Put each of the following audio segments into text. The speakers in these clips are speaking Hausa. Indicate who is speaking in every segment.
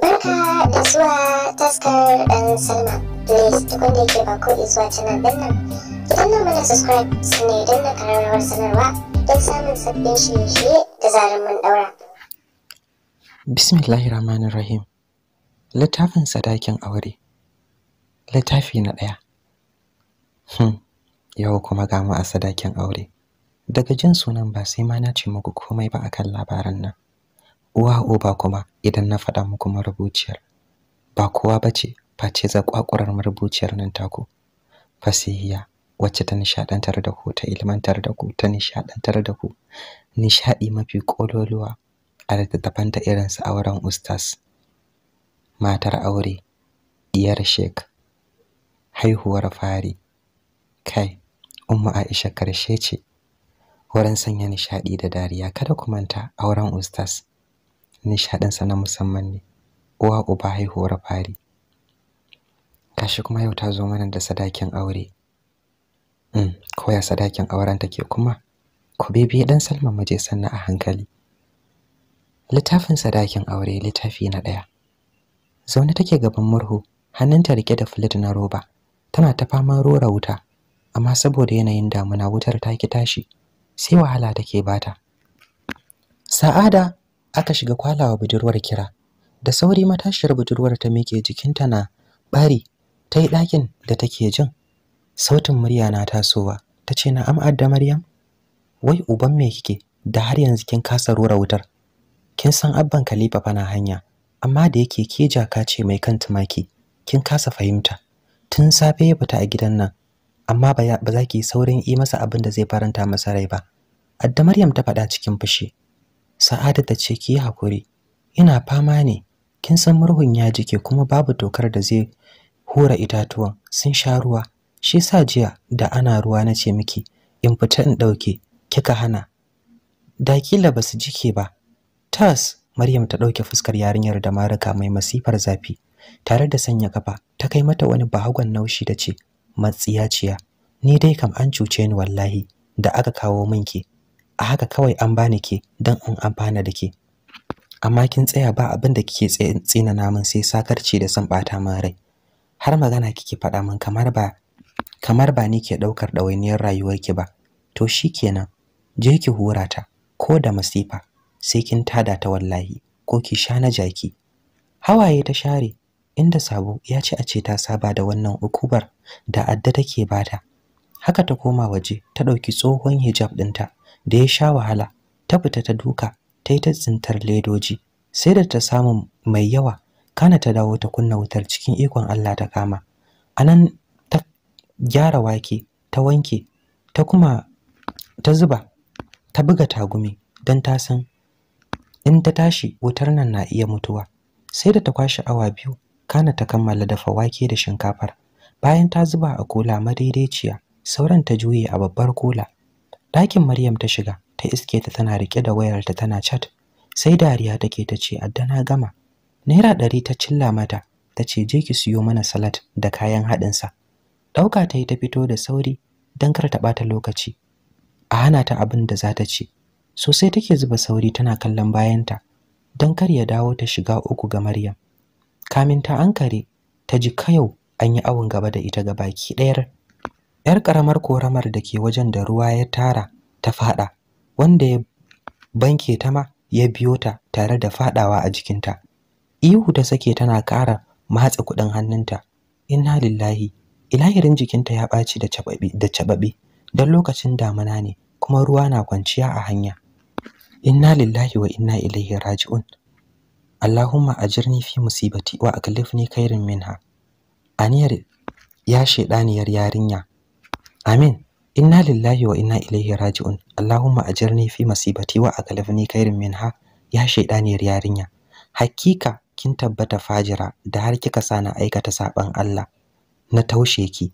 Speaker 1: Barka da zuwa taskar ɗan Salma. Please duk wanda yake ba ko nan. don samun sabbin da zarar mun ɗaura. Bismillahirrahmanirrahim. Littafin sadakin aure. Littafi na ɗaya. Hmm. Yau kuma ga mu a sadakin aure. Daga jin sunan ba sai ma na ce muku komai ba akan labaran nan. Uwa uba kuma idan na faɗa muku marubuciyar. Ba kowa ba bace face zakwakurar marubuciyar nan taku. Fasihiya wacce ta nishaɗantar da ku ta ilmantar da ku ta nishaɗantar da ku. nishaɗi mafi kololuwa a littattafan ta irin su auren ustas. Matar aure, diyar shek, haihuwar fari, Kai, Umma Aisha karshe ce. Wurin sanya nishaɗi da dariya kada ku manta auren Ustaz. Nishaɗinsa na musamman ne. Uwa uba haihuwar fari. Kashi kuma yau ta zo mana da sadakin aure. Mm, koya sadakin auren take kuma ku bibiye dan Salma muje sannan a hankali. Littafin sadakin aure littafi na ɗaya. Zaune take gaban murhu, hannunta rike da flit na roba, tana ta faman rora wuta. amma saboda yanayin damuna wutar ta ki tashi sai wahala take bata sa'ada aka shiga kwalawa budurwar kira da sauri matashiyar budurwar ta miƙe jikinta na bari ta yi ɗakin da take jin sautin murya na tasowa ta ce na'am adda maryam wai uban me kike da har yanzu kin kasa rura wutar kin san abban kalifa fa na hanya amma da yake ke jaka ce mai kan tumaki kin kasa fahimta tun safe ya fita a gidan nan amma ba za ki yi saurin yi masa abin da zai faranta masa rai ba adda maryam ta faɗa cikin fushi sa'ada ta ce ki hakuri ina fama ne kin san murhun ya jike kuma babu tokar da zai hura itatuwan sun sha ruwa shi sa jiya da ana ruwa na ce miki in fita in ɗauke kika hana Dakila kila ba su jike ba tas maryam ta ɗauke fuskar yarinyar da maraka mai masifar zafi tare da sanya kafa ta kai mata wani bahagon naushi da ce matsiyaciya ni dai kam an cuce ni wallahi da aka kawo min ke a haka kawai an bani ke don in amfana da ke amma kin tsaya ba abin da kike tsina min sai sakarci da san bata min rai har magana kike faɗa min kamar ba kamar ba ni ke ɗaukar ɗawainiyar ki ba to shikenan je ki hura ta ko da masifa sai kin tada ta wallahi ko ki sha na jaki hawaye ta share inda Sabo ya ce a ce ta saba da wannan ukubar da adda take bata. Haka ta koma waje ta ɗauki tsohon hijab ɗinta da ya sha wahala ta fita ta duka ta yi ta tsintar ledoji sai da ta samu mai yawa kana ta dawo ta kunna wutar cikin ikon Allah ta kama. anan ta gyara wake ta wanke ta kuma ta zuba ta buga tagumi don ta san in ta tashi wutar nan na iya mutuwa sai da ta kwashe awa biyu kana ta kammala dafa wake da shinkafar bayan ta zuba a kola madaidaiciya sauran ta juye a babbar kola. ɗakin maryam ta shiga ta iske ta tana riƙe da wayarta tana chat sai dariya take ta ce adda na gama naira ɗari ta cilla mata ta ce je ki siyo mana salad da kayan haɗinsa ɗauka ta yi ta fito da sauri don kar ta ɓata lokaci a hana ta abin da za ta ci sosai take zuba sauri tana kallon bayanta don kar ya dawo ta shiga uku ga maryam kamin ta ankare ta ji kayau an yi awon gaba da ita ga baki ɗayar yar karamar koramar da ke wajen da ruwa ya tara ta faɗa, wanda ya banke ta ma ya biyo ta tare da faɗawa a jikinta ihu ta sake tana ƙara matsa kuɗin hannunta inna lillahi ilahirin jikinta ya ɓaci da cababe don lokacin damuna ne kuma ruwa na kwanciya a hanya inna lillahi wa inna ilaihi raji'un Allahumma ajirni fi musibati wa aklifni khairin minha aniyar ya shedaniyar yarinya amin inna lillahi wa inna ilaihi raji'un Allahumma ajirni fi musibati wa aklifni khairin minha ya shedaniyar yarinya hakika kin tabbata fajira da har kika sana aikata saban Allah na taushe ki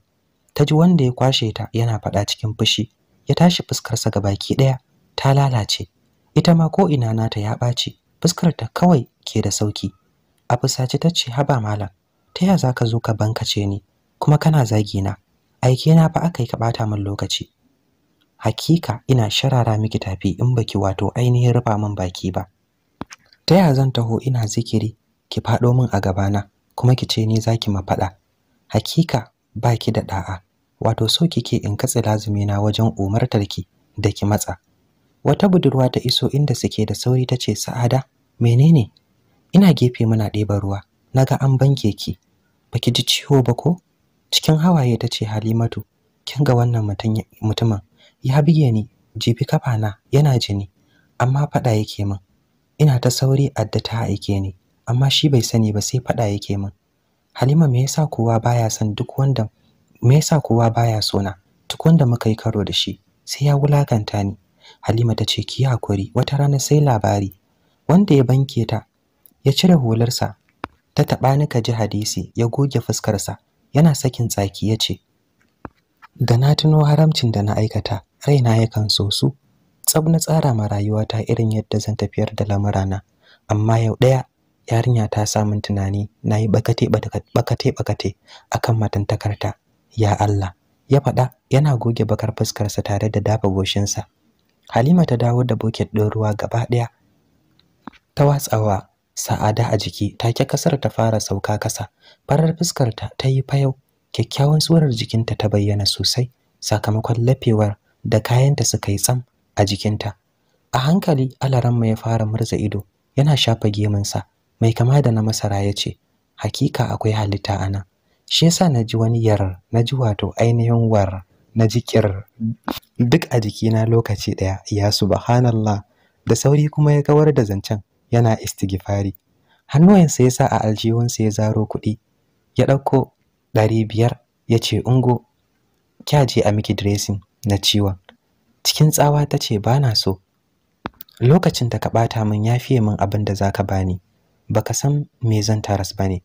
Speaker 1: taji wanda ya kwashe ta yana faɗa cikin fushi ya tashi fuskarsa gabaki daya ta lalace ita ma ko ina nata ya ɓaci fuskar ta kawai ke da sauki a fusace ta ce haba malam ta ya za ka zo ka bankace ni kuma kana zagi na aike na fa aka yi ka ɓata min lokaci hakika ina sharara miki tafi in baki wato ainihin rufa min baki ba ta ya zan taho ina zikiri ki faɗo min a gabana kuma ki ce ni zaki ma faɗa hakika baki da ɗa'a, wato so kike in katse lazumi na wajen umartar ki da ki matsa wata budurwa ta iso inda suke da sauri tace sa'ada menene ina gefe muna ɗeba ruwa Na ga an banke ki baki ji ciwo ba ko cikin hawaye ta ce halimatu kin ga wannan mutumin ya bige ni jibi na, yana jini amma faɗa yake min ina ta sauri adda ta aike ni amma shi bai sani ba sai faɗa yake min halima me yasa kowa baya son duk wanda me yasa kowa baya sona duk wanda muka yi karo da shi sai ya wulakanta ni halima ta ce ki hakuri wata rana sai labari wanda ya banke ta ya cire hularsa ta taɓa ni ka ji hadisi ya goge fuskarsa yana sakin tsaki ya ce da na tuno haramcin da na aikata raina yakan so su tsab na tsara ma rayuwata irin yadda zan tafiyar da lamurana amma yau ɗaya yarinya ta samun tunani na yi bakate-bakate akan matantakarta ya Allah ya faɗa yana goge bakar fuskarsa tare da dafa goshinsa Halima ta dawo da bucket ɗin ruwa gaba ɗaya ta watsawa sa'ada a jiki take kasar ta fara sauka kasa farar fuskarta ta ta yi fayau kyakkyawan surar jikinta ta bayyana sosai sakamakon lafewar da kayanta suka yi tsam a jikinta a hankali alaranmu ya fara murza ido yana shafa gemunsa mai kama da na masara ya ce hakika akwai halitta a nan shi yasa na ji wani yar na ji wato ainihin war na jikir duk a jikina lokaci ɗaya ya subhanallah da sauri kuma ya kawar da zancen yana istighfari hannuwansa ya sa a aljihunsa ya zaro kuɗi ya ɗauko ɗari biyar ya ce ungo kya je a miki diresin na ciwon cikin tsawa ta ce ba na so lokacin da ka ɓata min ya fiye min abin da za ka ba ni, ba ka san me zan taras ba ne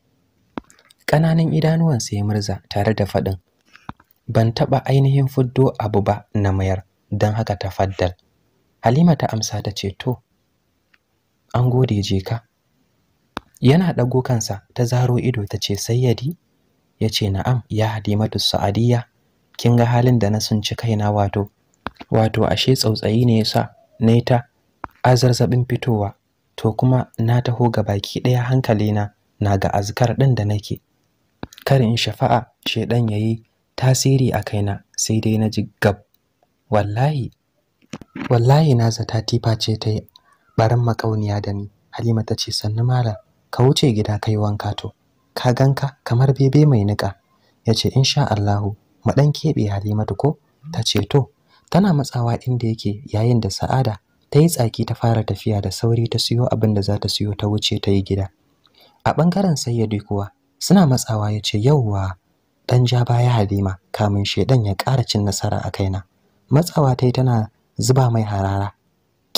Speaker 1: ƙananan idanuwansa ya murza tare da faɗin ban taɓa ainihin fuddo abu ba na mayar don haka ta faddal halima ta amsa ta ce to an gode je ka yana ɗago kansa ta zaro ido ta ce sayyadi ya ce na'am ya hadimatu sa'adiyya kin ga halin da na sunci kaina wato wato ashe tsautsayi ne yasa na ta azarzabin fitowa to kuma na taho ga baki ɗaya hankalina na ga azkar ɗin da nake karin shafa'a shedan yayi tasiri a kaina sai dai na ji gab wallahi wallahi na zata tifa ce ta yi barin makauniya da ni halima ta ce sannu malam ka wuce gida kai wanka to ka ganka kamar bebe mai niƙa, ya ce insha Allahu mu ɗan keɓe halima ko ta ce to tana matsawa inda yake yayin da sa'ada ta yi tsaki ta fara tafiya da sauri ta siyo abin da za ta siyo ta wuce ta yi gida a ɓangaren sayyadi kuwa suna matsawa ya ce yauwa ɗan ja baya halima kamin shaidan ya ƙara cin nasara a kaina matsawa ta yi tana zuba mai harara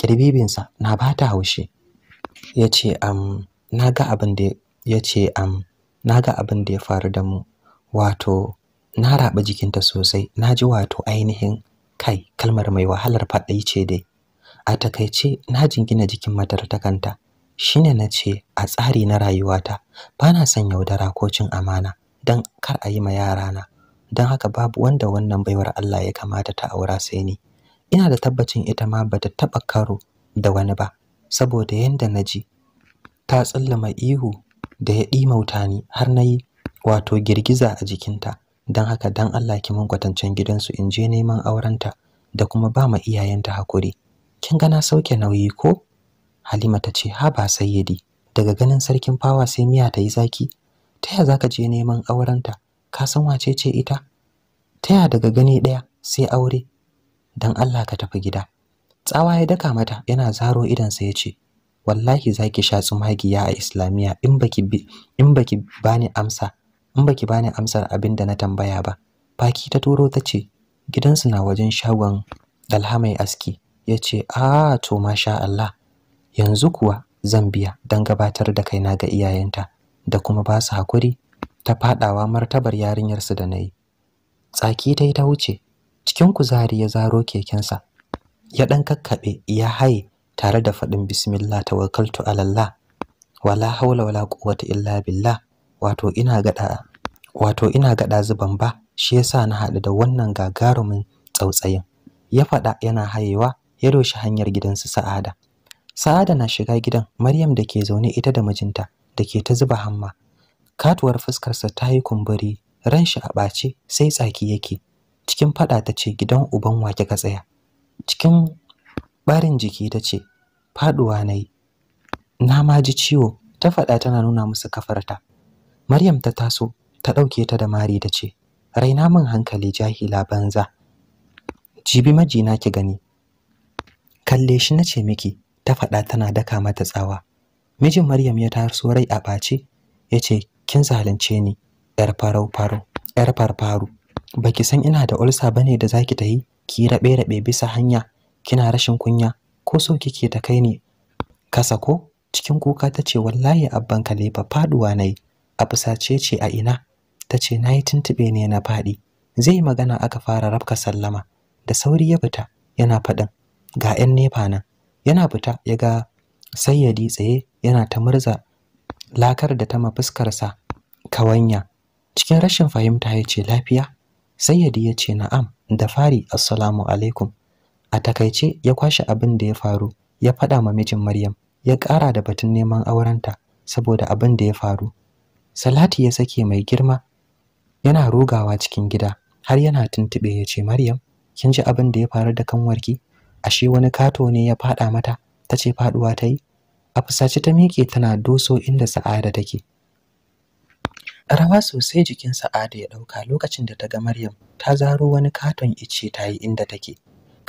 Speaker 1: kirbibinsa na ba ta haushi ya ce am na ga abin da ya faru da mu wato na raɓa jikinta sosai na ji wato ainihin kai kalmar mai wahalar faɗai ce dai a takaice na jingina jikin matar ta kanta shine na ce a tsari na rayuwata ba na son yaudara ko cin amana don kar a yi ma yarana don haka babu wanda wannan baiwar Allah ya kamata ta aura sai ni ina da tabbacin ita ma bata taba karo da wani ba saboda yanda naji ta tsallama ihu da ya dimauta ni har nayi wato girgiza a jikinta dan haka dan Allah ki mun kwatancen gidansu in je neman aurenta da kuma ba ma iyayenta hakuri kin ga na sauke nauyi ko Halima ta ce ha ba sayyidi daga ganin sarkin fawa sai miya ta yi zaki ta ya zaka je neman aurenta ka san wace ce ita ta ya daga gani daya sai aure don Allah ka tafi gida tsawa ya daka mata yana zaro idansa ya ce wallahi zaki sha tsumagiya a islamiyya in baki in baki bani amsa in baki bani amsar abin da na tambaya ba baki ta turo ta ce gidansu na wajen shagon dalha mai aski ya ce a to masha Allah yanzu kuwa zan biya don gabatar da kaina ga iyayenta da kuma ba su hakuri ta faɗawa martabar yarinyarsu da na yi tsaki ta yi ta wuce cikin kuzari ya zaro kekensa ya dan kakkabe ya haye tare da faɗin bismillah tawakkaltu Allah wala haula wala quwwata illa billah wato ina gada wato ina gada zuban ba shi yasa na haɗu da wannan gagarumin tsautsayin ya faɗa yana hayewa ya doshi hanyar gidansu sa'ada sa'ada na shiga gidan maryam da ke zaune ita da mijinta da ke ta zuba hamma katuwar fuskarsa ta yi kumburi ran shi a ɓace sai tsaki yake cikin faɗa ta ce gidan uban wa kika tsaya cikin barin jiki ta ce faduwa nayi na ma ji ciwo ta faɗa tana nuna musu kafarta Maryam ta taso ta dauke ta da mari ta ce raina min hankali jahila banza jibi majina ki gani kalle shi nace miki ta faɗa tana daka mata tsawa mijin Maryam ya taso rai a bace yace kin zalunce ni yar farau farau yar farfaru baki san ina da ulsa bane da zaki ta yi ki rabe rabe bisa hanya kina rashin kunya ko so kike ta kai ne kasa ko cikin kuka tace wallahi abban kalefa faduwa nayi a fusace ce a ina tace nayi tuntube ne na fadi zai magana aka fara rafka sallama da sauri ya fita yana fadin ga 'yan nefa nan yana fita ya ga sayyadi tsaye yana ta murza lakar da ta sa kawanya cikin rashin fahimta yace lafiya sai ya ce na'am da fari assalamu alaikum. A takaice ya kwashe abin da ya faru ya faɗa ma mijin Maryam ya ƙara da batun neman aurenta saboda abin da ya faru. Salati ya sake mai girma yana rogawa cikin gida har yana tuntuɓe ya ce Maryam kin ji abin da ya faru da kanwarki ashe wani kato ne ya faɗa mata ta ce faɗuwa ta yi a fusace ta miƙe tana doso inda sa'ada take rawa sosai jikin sa'ada ya ɗauka lokacin da ta ga maryam ta zaro wani katon ice ta yi inda take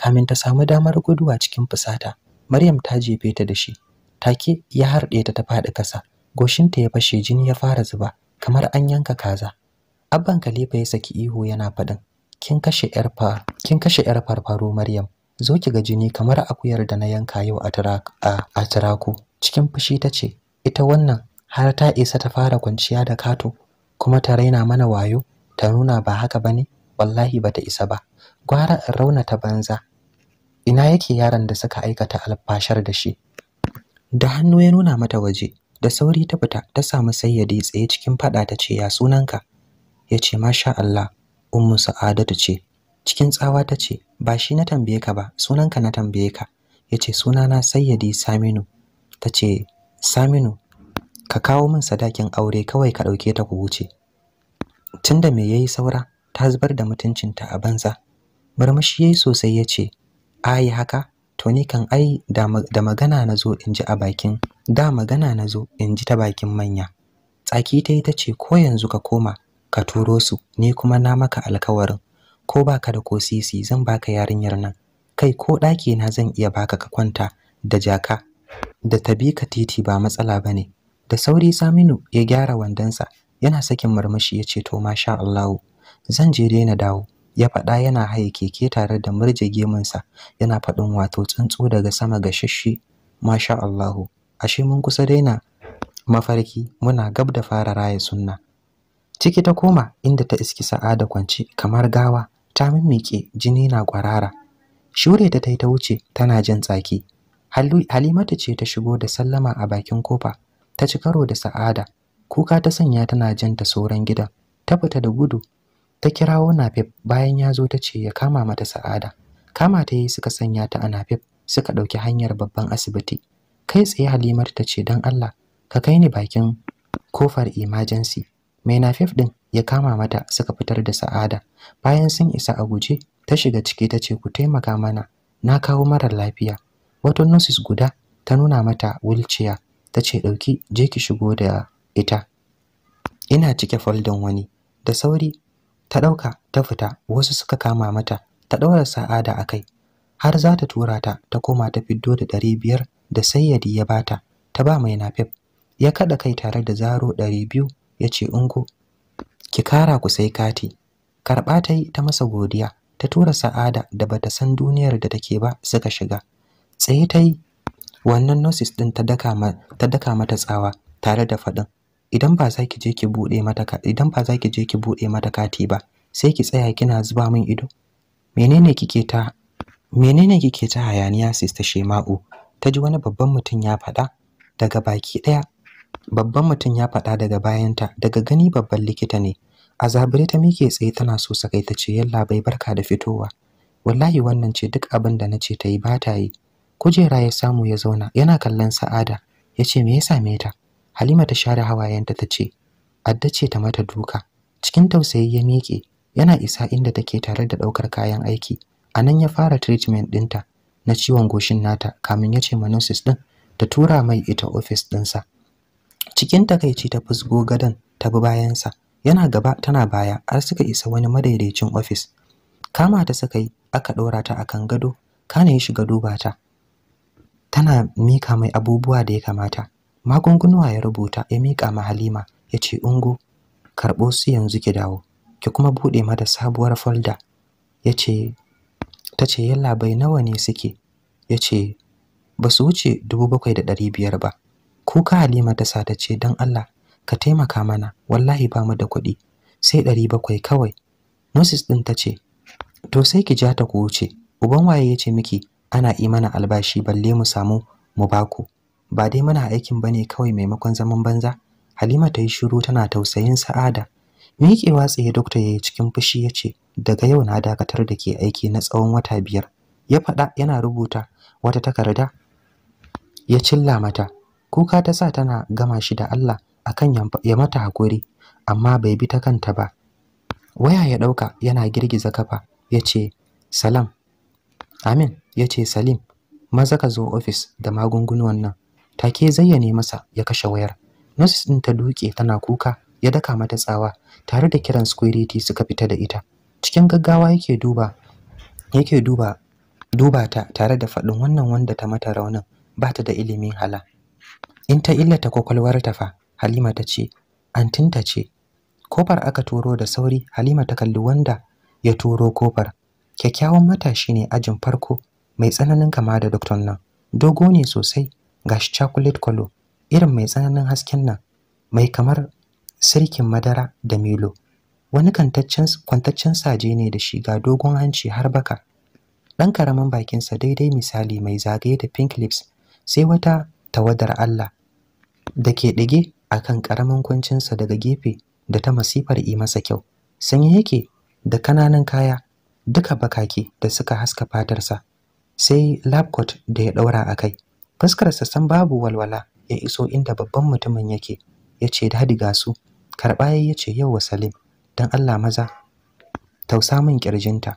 Speaker 1: kamin ta samu damar guduwa cikin fusata maryam ta jefe ta da shi take ya harɗe ta ta faɗi ƙasa goshinta ya fashe jini ya fara zuba kamar an yanka kaza abban khalifa ya saki ihu yana faɗin kin kashe yar fa kin kashe yar farfaro maryam zo ki ga jini kamar akuyar da na yanka yau a a tiraku cikin fushi ta ce ita wannan har ta isa ta fara kwanciya da kato kuma ta raina mana wayo ta nuna ba haka bane wallahi bata isa ba gwara in ta banza ina yake yaran da suka aikata alfashar da shi da hannu ya nuna mata waje da sauri ta fita ta samu sayyadi tsaye cikin fada ta ce ya sunanka ya ce masha Allah ummu sa'adatu ce cikin tsawa ta ce ba shi na tambaye ka ba sunanka na tambaye ka ya ce sunana sayyadi saminu ta ce saminu ka kawo min sadakin aure kawai ka ɗauke ta ku wuce tunda me yayi saura ta zubar da mutuncinta a banza murmushi yayi sosai yace ce ai haka to ni kan ai da magana na zo in ji a bakin da magana na zo in ji ta bakin manya tsaki ta yi ta ce ko yanzu ka koma ka turo su ni kuma na maka alkawarin ko baka da ko sisi zan baka yarinyar nan kai ko ɗaki na zan iya baka ka kwanta da jaka da tabi ka titi ba matsala bane Da sauri Saminu ya gyara wandonsa, yana sakin marmashi ya ce to masha Allahu. Zan je dai dawo, ya faɗa yana haye keke tare da murje sa yana faɗin wato tsuntsu daga sama ga shishi masha Allahu. Ashe mun kusa daina mafarki muna gab da fara raya sunna. Ciki ta koma inda ta iski sa'ada kwance kamar gawa ta mimmike jini na kwarara. Shure ta tai ta wuce tana jin tsaki. Halimatu ce ta shigo da sallama a bakin kofa ta ci karo da sa'ada kuka ta sanya tana ta sauran gidan ta fita da gudu ta kirawo nafif bayan ya zo ta ce ya kama mata sa'ada kama ta yi suka sanya ta a nafif suka ɗauki hanyar babban asibiti kai tsaye halimar ta ce don allah ka kai ni bakin kofar emergency mai nafif ɗin ya kama mata suka fitar da sa'ada bayan sun isa a guje ta shiga ciki ta ce ku taimaka mana na kawo marar lafiya wata nurses guda ta nuna mata wheelchair ta ce ɗauki je ki shigo da ita ina cike foldin wani da sauri ta ɗauka ta fita wasu suka kama mata ta ɗaura sa'ada a kai har za ta tura ta ta koma ta fiddo da ɗari biyar da sayyadi ya bata ta ba mai nafif ya kaɗa kai tare da zaro ɗari biyu ya ce ungo ki kara ku sai kati karɓa ta yi ta masa godiya ta tura sa'ada da bata san duniyar da take ba suka shiga tsaye ta yi wannan nurses din ta daka mata tsawa tare da faɗin idan ba za ki je ki bude mata idan ba za ki je ki bude mata kati ba sai ki tsaya kina zuba min ido menene kike ta menene kike ta hayaniya sister Shema'u ta ji wani babban mutum ya faɗa daga baki ɗaya babban mutum ya faɗa daga bayanta daga gani babban likita ne a zabire ta mike tsaye tana so sakai ta ce yalla bai barka da fitowa wallahi wannan ce duk abin da nace ta yi ba ta yi kujera ya samu ya zauna yana kallon Sa'ada ya ce me ya same ta Halima ta share hawayenta ta ce Adda ce ta mata duka cikin tausayi ya miƙe yana isa inda take tare da ɗaukar kayan aiki a nan ya fara treatment ɗinta na ciwon goshin nata kamin ya ce manosis ɗin ta tura mai ita ofis ɗinsa cikin takaici ta fusgo gadon ta bi bayansa yana gaba tana baya har suka isa wani madaidaicin ofis kama ta suka yi aka ɗora ta akan gado kana ya shiga duba ta tana mika mai abubuwa da ya kamata magungunuwa ya rubuta ya mika ma Halima ya ce ungo karɓo su yanzu ki dawo ki kuma buɗe mata sabuwar folda ya ce ta ce yalla bai nawa ne suke ya ce ba su wuce dubu bakwai da ɗari biyar ba kuka halima ta sa ta ce don allah ka taimaka mana wallahi ba mu da kuɗi sai ɗari bakwai kawai moses ɗin ta ce to sai ki ja ta ku wuce uban waye ya ce miki ana yi mana albashi balle mu samu mu baku ba dai muna aikin bane kawai maimakon zaman banza Halima ta yi shiru tana tausayin Sa'ada miƙewa tsaye dokta yayi cikin fushi ya ce, daga yau na dakatar da ke aiki na tsawon wata biyar ya faɗa yana rubuta wata takarda ya cilla mata kuka ta sa tana gama shi da Allah akan ya mata hakuri amma bai bi ta kanta ba waya ya ɗauka yana girgiza kafa yace salam Amin ya ce Salim, maza ka zo ofis da magungunan nan. Take zayyane masa ya kashe wayar. Nurse ɗin ta duke tana kuka ya daka mata tsawa tare da kiran security suka fita da ita. Cikin gaggawa yake duba yake duba duba ta tare da faɗin wannan wanda ta mata raunin ba ta da ilimin hala. In ta illata kwakwalwar ta fa Halima ta ce antinta ce. Kofar aka turo da sauri Halima ta kalli wanda ya turo kofar kyakkyawan matashi ne ajin farko mai tsananin kama da doktor nan dogo ne sosai gashi chocolate color irin mai tsananin hasken nan mai kamar sirkin madara da milo wani kwantaccen saje ne da shi ga dogon hanci har baka ɗan karamin bakinsa daidai misali mai zagaye da pink lips sai wata tawadar Allah da ke ɗige a kan ƙaramin kwancinsa daga gefe da ta masifar yi masa kyau sanye yake da kananan kaya duka bakake da suka haska fatarsa sai labcoat da ya daura a kai fuskarsa san babu walwala ya iso inda babban mutumin yake ya ce dadi ga su karɓa ya ce yau salim don allah maza tausa min kirjinta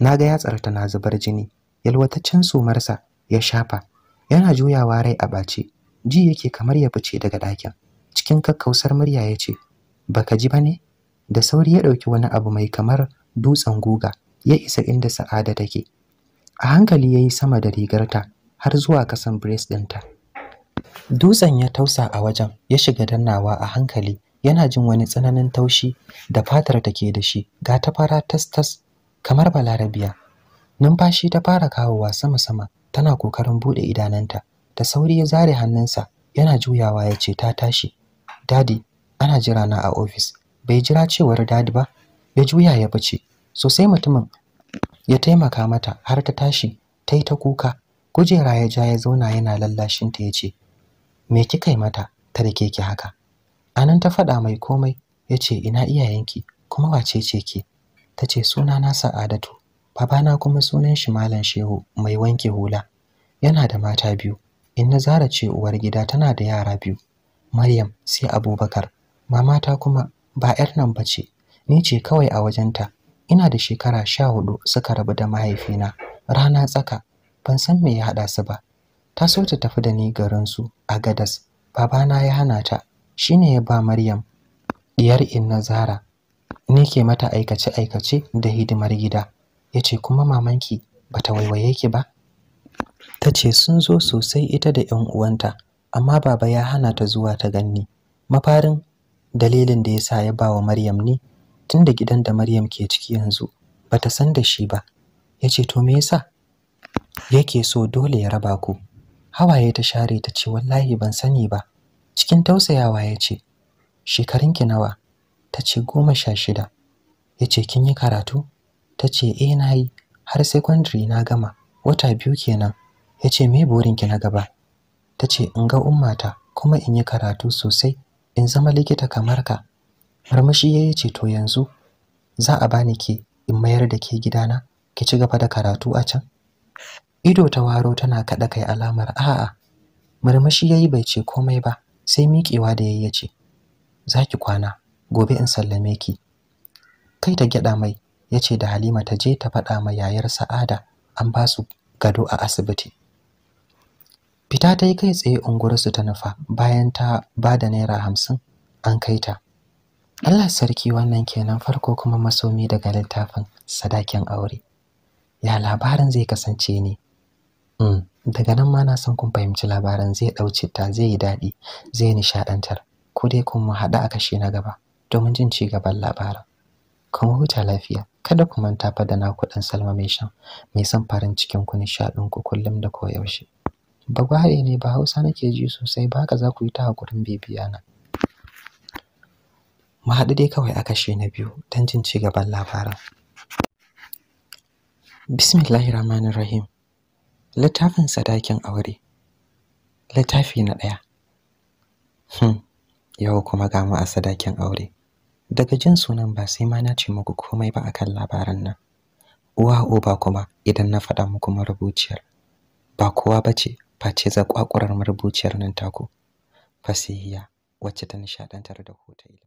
Speaker 1: na ga yatsarta na zubar jini yalwataccen sumarsa ya shafa yana juyawa rai a ɓace ji yake kamar ya fice daga ɗakin cikin kakkausar murya ya ce baka ji ba ne da sauri ya ɗauki wani abu mai kamar dutsen guga ya isa inda sa'ada take a hankali ya yi sama da rigarta har zuwa kasan brace ɗinta dutsen ya tausa a wajen ya shiga dannawa a hankali yana jin wani tsananin taushi da fatar take da shi ga ta fara tas-tas kamar balarabiya numfashi ta fara kawowa sama-sama tana kokarin bude idananta da sauri ya zare hannunsa yana juyawa ya ce ta tashi dadi ana jira na a ofis bai jira cewar dadi ba ya juya ya bace sosai mutumin ya taimaka mata har ta tashi ta yi ta kuka kujera ya ja ya zauna yana lallashinta ya ce me kika yi mata ta rike ki haka anan ta faɗa mai komai ya ce ina iyayenki kuma wace ce ki ta ce suna na sa'adatu babana kuma sunan shi malam shehu mai wanke hula yana da mata biyu inna zara ce uwar gida tana da yara biyu maryam sai abubakar mamata kuma ba 'yar nan bace ni ce kawai a wajenta ina da shekara sha hudu suka rabu da mahaifina rana tsaka ban san me ya haɗa su ba ta so ta tafi da ni garinsu a gadas babana ya hana ta shine ya ba maryam diyar inna zara ni ke mata aikace aikace da hidimar gida ya ce kuma mamanki bata waiwaye ki ba ta ce sun zo sosai ita da 'yan uwanta amma baba ya hana ta zuwa ta ganni mafarin dalilin da ya sa ya ba wa maryam ni. tunda gidan da Maryam ke ciki yanzu ba ta san da shi ba yace to me yasa yake so dole ya raba ku hawaye ta share ta ce wallahi ban sani ba cikin tausayawa yace shekarunki nawa ta ce goma sha shida yace kin yi karatu ta ce eh na yi har secondary na gama wata biyu kenan yace me burin ki na gaba ta ce in ga ummata kuma in yi karatu sosai in zama likita kamar ka Armashi ya ce to yanzu za a bani ke in mayar da ke gidana ki ci gaba da karatu a can. Ido ta waro tana kaɗa kai alamar a'a. Murmushi yi bai ce komai ba sai miƙewa da yayi yace za ki kwana gobe in sallame ki. Kai ta gyaɗa mai ya ce da Halima ta je ta faɗa ma yayar Sa'ada an ba su gado a asibiti. Fita ta yi kai tsaye unguwarsu ta nufa bayan ta ba da naira hamsin an kai ta. Allah sarki wannan kenan farko kuma masomi daga littafin sadakin aure. Ya labarin zai kasance ne? Mm, daga nan ma na san kun fahimci labarin zai ɗauce ta zai yi daɗi, zai nishaɗantar. Ko dai kun mu haɗa a kashe na gaba domin jin ci gaban labarin. Kuma huta lafiya, kada ku manta fa da naku ɗan Salma mai shan mai son farin cikin ku nishaɗin ku kullum da koyaushe. Bagware ne ba Hausa nake ji sosai ba haka za ku yi ta hakurin bibiya na. Mu haɗu dai kawai a kashe na biyu don jin ci gaban labarin. Bismillahir Rahmanir Rahim. Littafin sadakin aure. Littafi na ɗaya. Hmm. Yau kuma ga a sadakin aure. Daga jin sunan ba sai ma na ce muku komai ba akan labaran nan. Uwa uba kuma idan na faɗa muku marubuciyar. Ba kowa bace face zakwakurar marubuciyar nan taku. Fasihiya wacce ta nishaɗantar da ku ta